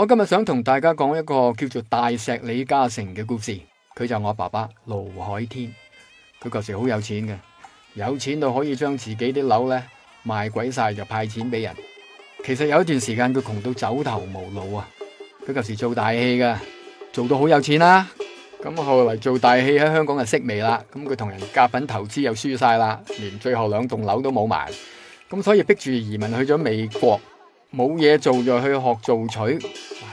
我今日想同大家講一個叫做大石李嘉誠嘅故事，佢就我爸爸盧海天，佢舊時好有錢嘅，有錢到可以將自己啲樓咧賣鬼晒就派錢俾人。其實有一段時間佢窮到走投無路啊！佢舊時做大戲噶，做到好有錢啦，啊。咁後來做大戲喺香港就式微啦，咁佢同人夾份投資又輸晒啦，連最後兩棟樓都冇埋，咁所以逼住移民去咗美國，冇嘢做就去學做取。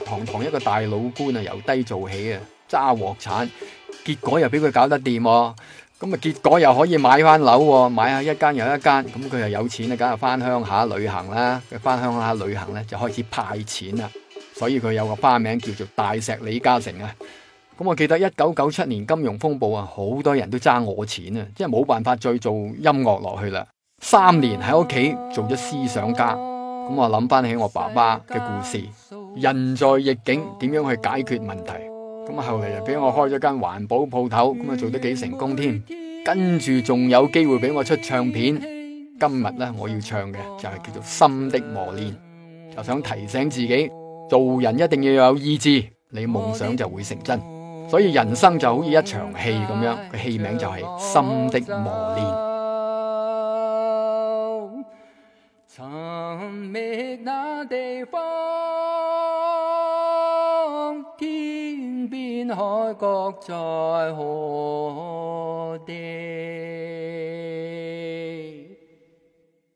堂堂一個大老官啊，由低做起啊，揸鑊鏟，結果又俾佢搞得掂，咁啊結果又可以買翻樓，買下一間又一間，咁佢又有錢咧，梗係翻鄉下旅行啦。佢翻鄉下旅行咧，就開始派錢啦。所以佢有個花名叫做大石李嘉誠啊。咁我記得一九九七年金融風暴啊，好多人都爭我錢啊，即係冇辦法再做音樂落去啦。三年喺屋企做咗思想家。咁我諗翻起我爸爸嘅故事，人在逆境點樣去解決問題？咁後嚟又俾我開咗間環保鋪頭，咁啊做得幾成功添。跟住仲有機會俾我出唱片。今日咧我要唱嘅就係叫做《心的磨練》，就想提醒自己，做人一定要有意志，你夢想就會成真。所以人生就好似一場戲咁樣，個戲名就係、是《心的磨練》。尋覓那地方，天邊海角在何地？